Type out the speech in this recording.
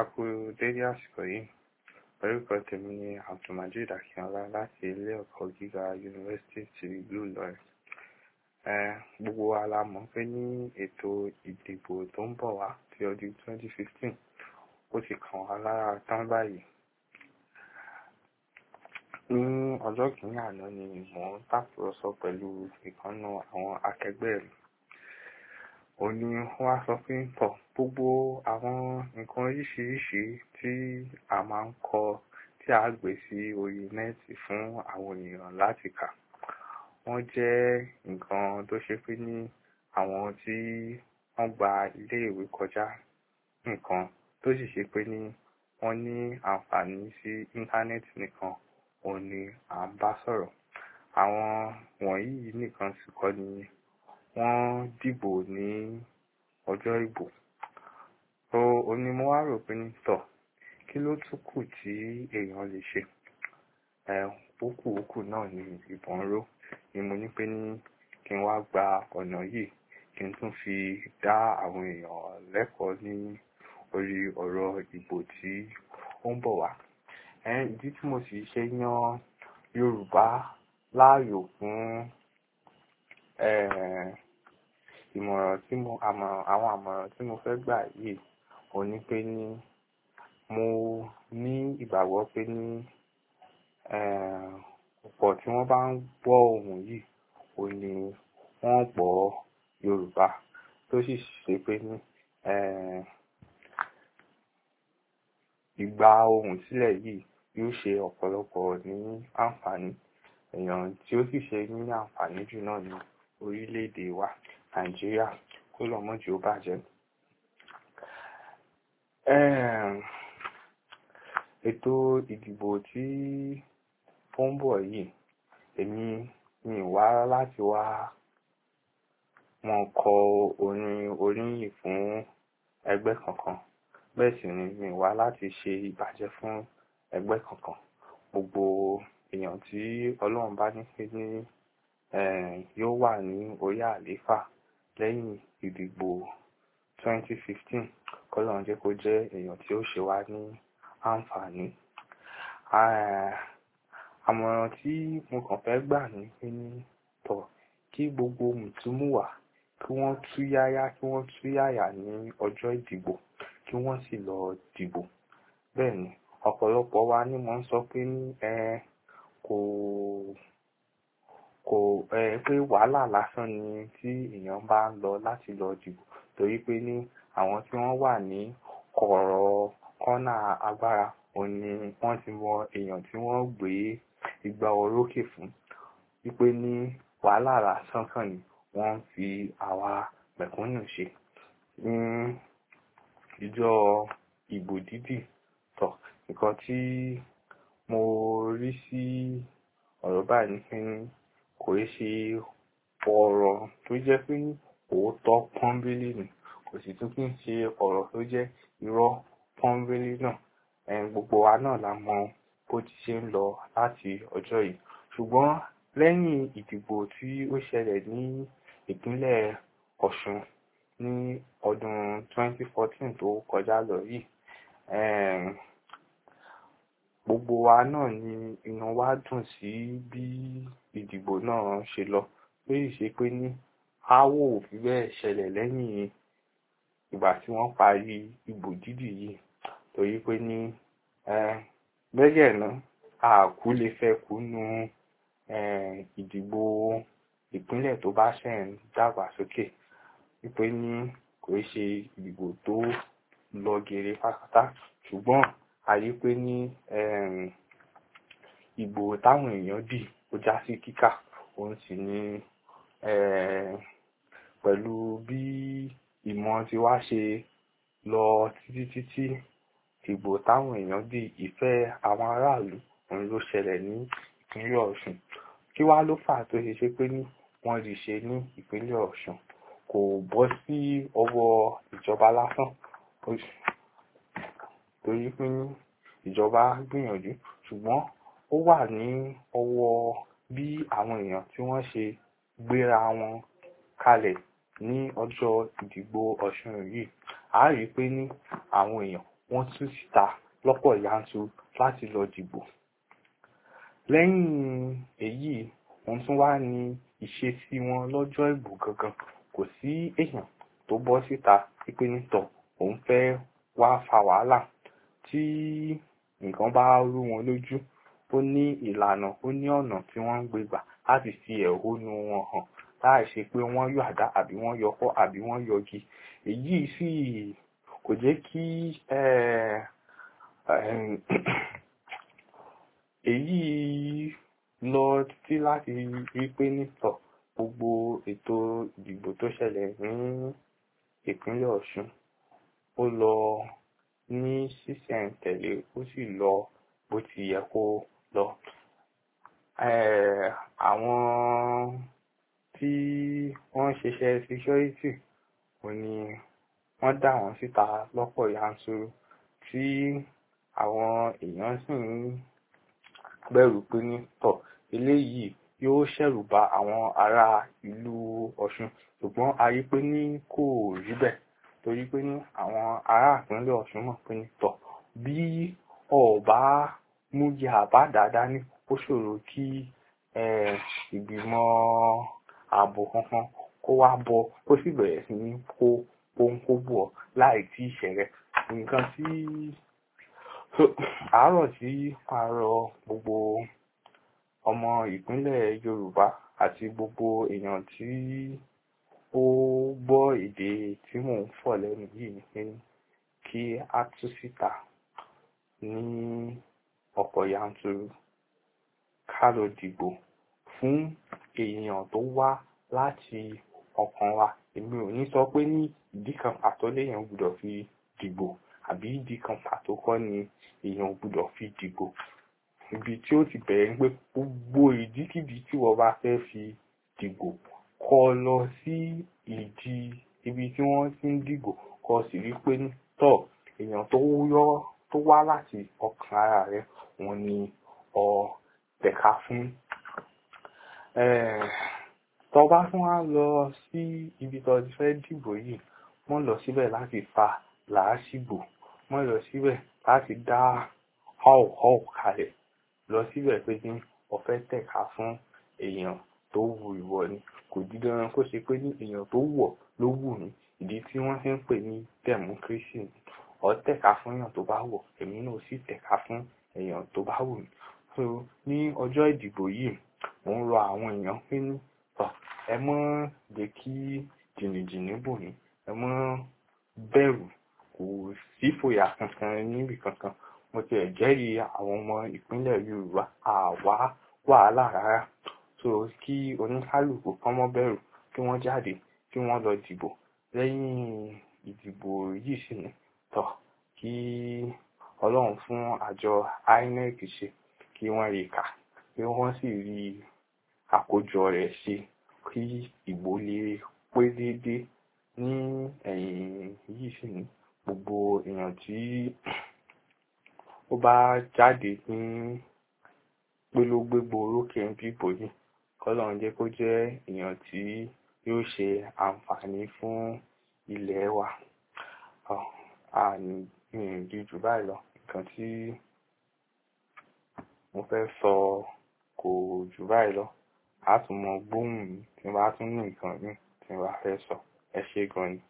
Aku dédé àsìkò yìí. Orúkọ tèmi ni Abdulmajid Akínọlá láti ilé ẹ̀kọ́ gíga Yunifásítì ti ìlú Ìlọrin. Gbogbo wa la mọ̀ pé ní ètò ìdìbò tó ń bọ̀ wá ti ọdún 2015 ó ti kàn wá lára tán báyìí. Ní ọjọ́ kìíní àná ni mò ń tàkùrọ̀sọ pẹ̀lú ìkànnà àwọn akẹgbẹ́ mi òní wọ́n á sọ pé pọ̀ gbogbo àwọn nǹkan oríṣiríṣi tí a máa ń kọ tí a gbé sí orí nẹ́ẹ̀tì fún àwọn ènìyàn láti kà wọ́n jẹ́ nǹkan tó ṣe pé ní àwọn tí wọ́n gba ilé ìwé kọjá nǹkan tó sì ṣe pé ní wọ́n ní àǹfààní sí íńtánẹ́ẹ̀tì nìkan òun à ń bá sọ̀rọ̀ àwọn wọ̀nyí nìkan sì kọ́ ni wọ́n dìbò ní ọjọ́ ìbò so òní mo wá rò pé ní tọ̀ kí ló tún kù tí èèyàn lè ṣe òkú òkú náà ni ìbọn ró ni mo ní pé ní kí n wá gba ọ̀nà yìí kí n tún fi dá àwọn èèyàn lẹ́kọ̀ọ́ ní orí ọ̀rọ̀ ìbò tí ó ń bọ̀ wá ìdí tí mo sì ṣe yan Yorùbá láàyò fún ìmọ̀ràn tí mo àmọ̀ràn àwọn àmọ̀ràn tí mo fẹ́ gbà yìí ò ní pé ní mo ní ìgbàgbọ́ pé ní eh, ọ̀pọ̀ tí wọ́n bá ń gbọ́ ohùn yìí ò ní wọ́n gbọ́ Yorùbá tó sì ṣe pé ní eh, ìgbà ohùn sílẹ̀ yìí yóò ṣe ọ̀pọ̀lọpọ̀ ní àǹfààní èèyàn tí ó sì ṣe ní àǹfààní jù náà ní orílẹ̀-èdè wa nàìjíríà kó lọ mọ́jú ó bàjẹ́. ètò ìdìbò tí ó ń bọ̀ yìí èmi mi wá láti wá wọn kọ orin oríyìn fún ẹgbẹ́ kankan bẹ́ẹ̀ sì ni mi wá láti ṣe ìbàjẹ́ fún ẹgbẹ́ kankan gbogbo èèyàn tí ọlọ́run bá ní pé ní yóò wà ní orí àlééfà lẹ́yìn ìdìbò 2015 kọ́lọ́run jẹ́ kó jẹ́ èèyàn tí ó ṣe wá ní àǹfààní. Ah, àmọ̀ràn tí mo kàn fẹ́ gbà ní pé ní tọ̀ kí gbogbo mùtúmùwà kí wọ́n tú yáyá kí wọ́n tú yáyà ní ọjọ́ ìdìbò kí wọ́n sì lọ dìbò. bẹ́ẹ̀ ọ̀pọ̀lọpọ̀ wa ni mo ń sọ pé ní ẹ kò kò ẹ pé wàhálà lásán ni tí èèyàn bá ń lọ láti lọ dìbò torí pé ní àwọn tí wọ́n wà ní kọ̀rọ̀ kọ́nà agbára òun ni wọ́n ti mọ èèyàn tí wọ́n gbé igba orókè fún wípé ní wàhálà lásán kàn ni wọ́n fi àwa mẹ̀kúnnù ṣe ní ìjọ ìbò dídì tọ̀ nǹkan tí mo rí sí ọ̀rọ̀ báyìí ní kò í ṣe ọ̀rọ̀ tó jẹ́ pé òótọ́ pọ́nbélé nù kò sì tún kí n ṣe ọ̀rọ̀ tó jẹ́ irọ́ pọ́nbélé náà ẹ̀yìn gbogbo wa náà la mọ bó ti ṣe ń lọ láti ọjọ́ yìí ṣùgbọ́n lẹ́yìn ìdìbò tí ó ṣẹlẹ̀ ní ìpínlẹ̀ Ọ̀ṣun ní ọdún 2014 tó kọjá lọ yìí gbogbo wa náà ni inú wa dùn sí bí ìdìbò náà ṣe lọ pé ìṣe pé ní aáwọ̀ ò fi bẹ́ẹ̀ ṣẹlẹ̀ lẹ́yìn ìgbà tí wọ́n parí ìbò dídì yìí torí pé ní bẹ́ẹ̀ náà àkú lè fẹ́ kú nu ìdìbò ìpínlẹ̀ tó bá ṣẹ̀ ń dàgbà sókè wípé ní kò í ṣe ìdìbò tó lọ gèrè pátápátá ṣùgbọ́n àyípé ní ni ìbò táwọn èèyàn dì ó já sí kíkà òun sì ni pẹ̀lú bí ìmọ̀ ti wá ṣe lọ títí títí ìbò táwọn èèyàn dì ìfẹ́ àwọn aráàlú òun ló ṣẹlẹ̀ ní ìpínlẹ̀ Ọ̀ṣun kí wá ló fà tó ṣe ṣe pé ní wọ́n lè ṣe ní ìpínlẹ̀ Ọ̀ṣun kò bọ́ sí ọwọ́ ìjọba lásán torí pé ní ìjọba gbìyànjú ṣùgbọ́n ó wà ní ọwọ́ bí àwọn èèyàn tí wọ́n ṣe gbéra wọn kalẹ̀ ní ọjọ́ ìdìbò ọ̀ṣun yìí a rí pé ní àwọn èèyàn wọ́n tú síta lọ́pọ̀ yanturu láti lọ dìbò lẹ́yìn èyí wọ́n tún wá ní ìṣesí wọn lọ́jọ́ ìbò gangan kò sí èèyàn tó bọ́ síta pípé nítọ̀ òun fẹ́ wá fa wàhálà tí nǹkan bá rú wọn lójú ó ní ìlànà ó ní ọ̀nà tí wọ́n ń gbé gbà láti fi ẹ̀hónú wọn hàn láì ṣe pé wọ́n yọ àdá àbí wọ́n yọkọ́ àbí wọ́n yọgi èyí sì kò jẹ́ kí eh, èyí lọ títí láti rí pé nítọ̀ gbogbo ètò ìdìbò tó ṣẹlẹ̀ ní ìpínlẹ̀ Ọ̀ṣun ó lọ ní sísẹ̀ǹtẹ̀lé ó sì lọ bó ti yẹ kó lọ. àwọn tí wọ́n ṣiṣẹ́ security kò ní wọ́n dà wọ́n síta lọ́pọ̀ yanturu tí àwọn èèyàn sì ń bẹ̀rù pé ní tọ̀ eléyìí yóò ṣẹ̀rù bà àwọn ará ìlú Ọ̀ṣun ṣùgbọ́n a rí pé ní kò rí bẹ́ẹ̀ torí pé ní àwọn ará ìpínlẹ̀ Ọ̀ṣun mọ̀ pé ní tọ̀ bí ọba mújẹ àbá dáadáa ní ó ṣòro kí ìgbìmọ̀ ààbò kankan kó wá bọ kó sì bẹ̀rẹ̀ sí ní kó pọ́nkóbù láì tí ìṣẹ̀rẹ̀ nǹkan tí àárọ̀ tí àárọ̀ gbogbo ọmọ ìpínlẹ̀ Yorùbá àti gbogbo èèyàn tí ó gbọ́ èdè tí mò ń fọ̀ lẹ́nu yìí ni pé kí a tú síta ní ọ̀pọ̀ yanturu ká lọ dìbò fún èèyàn tó wá láti ọkàn wa èmi ò ní sọ pé ní ìdí kan pàtó léèyàn gbọ́dọ̀ fi dìbò àbí ìdí kan pàtó kọ́ ni èèyàn gbọ́dọ̀ fi dìbò ibi tí ó ti bẹ̀rẹ̀ ń pé gbogbo ìdíkìdí tí wọ́n bá fẹ́ fi dìbò kọ lọ sí ìdí ibi tí wọ́n ti ń dìgbò kọ sì rí pé tọ̀ èèyàn tó yọ tó wá láti ọkàn ara rẹ òun ni ọ tẹ̀ka fún. tó bá tún wá lọ sí ibi tó ti fẹ́ dìbò yìí wọ́n lọ síbẹ̀ láti fa làásìgbò wọ́n lọ síbẹ̀ láti dá họ́ọ̀họ́ọ̀ kalẹ̀ lọ síbẹ̀ pé ní ọ̀fẹ́ tẹ̀ka fún èèyàn tó wù ìwọ ni kò di dandan kó ṣe pé ní èèyàn tó wọ̀ ló wù mí ìdí tí wọ́n fi ń pè ní democracy ni ọ tẹ̀ka fún èèyàn tó bá wọ̀ èmi náà sì tẹ̀ka fún èèyàn tó bá wù mí so ní ọjọ́ ìdìbò yìí mo ń rọ àwọn èèyàn pé ní ẹ mọ́ jẹ́ kí jìnnìjìnnì bò ní ẹ mọ́ bẹ̀rù kò sí kankan níbi kankan mo ti ẹ̀ jẹ́rìí àwọn ọmọ ìpínlẹ̀ Yorùbá àwa wàhálà rárá so kí oníkálùkù kán mọ́ bẹ̀rù kí wọ́n jáde kí wọ́n lọ dìbò lẹ́yìn ìdìbò yìí sì ni tọ̀ kí ọlọ́run fún àjọ INEC ṣe kí wọ́n rí kà kí wọ́n sì rí àkójọ rẹ̀ ṣe kí ìbò lè pé déédéé ní ẹ̀yìn yìí sì ni gbogbo èèyàn tí ó bá jáde ní pélógbégbò orókè ń bíbò yìí kọ́lọ́run jẹ́ kó jẹ́ èèyàn tí yóò ṣe àǹfààní fún ilẹ̀ wa àní jù báyìí lọ nǹkan tí mo fẹ́ sọ kò jù báyìí lọ a tún mọ gbóhùn mi tí wọ́n bá tún ní nǹkan mi tí wọ́n bá fẹ́ sọ ẹ ṣé gan ni.